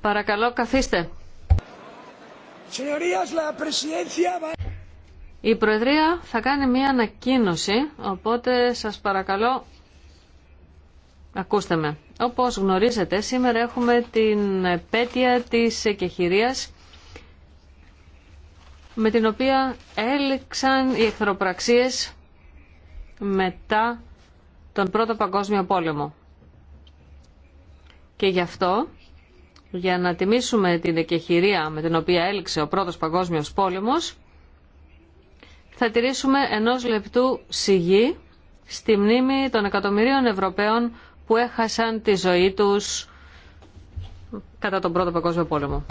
Παρακαλώ, καθίστε. Η Προεδρία θα κάνει μία ανακοίνωση, οπότε σας παρακαλώ ακούστε με. Όπως γνωρίζετε, σήμερα έχουμε την επέτεια της εκεχηρίας με την οποία έληξαν οι εχθροπραξίες μετά τον Πρώτο Παγκόσμιο Πόλεμο. Και γι' αυτό, για να τιμήσουμε την εκεχηρία με την οποία έληξε ο Πρώτος Παγκόσμιος Πόλεμος, θα τηρήσουμε ενός λεπτού σιγή στη μνήμη των εκατομμυρίων Ευρωπαίων που έχασαν τη ζωή τους κατά τον Πρώτο Παγκόσμιο Πόλεμο.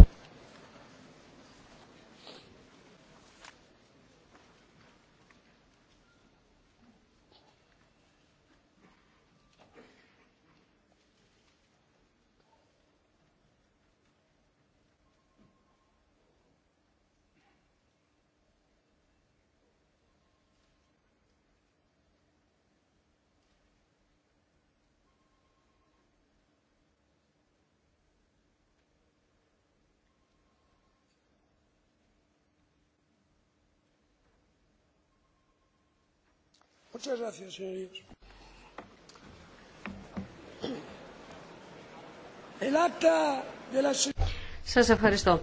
Σας ευχαριστώ.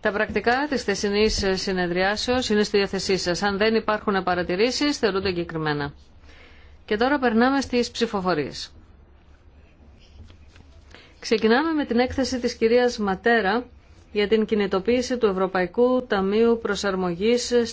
Τα πρακτικά της θεσινής συνεδριάσεως είναι στη διαθεσή σας. Αν δεν υπάρχουν παρατηρήσεις, θεωρούνται εγκεκριμένα. Και τώρα περνάμε στις ψηφοφορίες. Ξεκινάμε με την έκθεση της κυρίας Ματέρα για την κινητοποίηση του Ευρωπαϊκού Ταμείου Προσαρμογής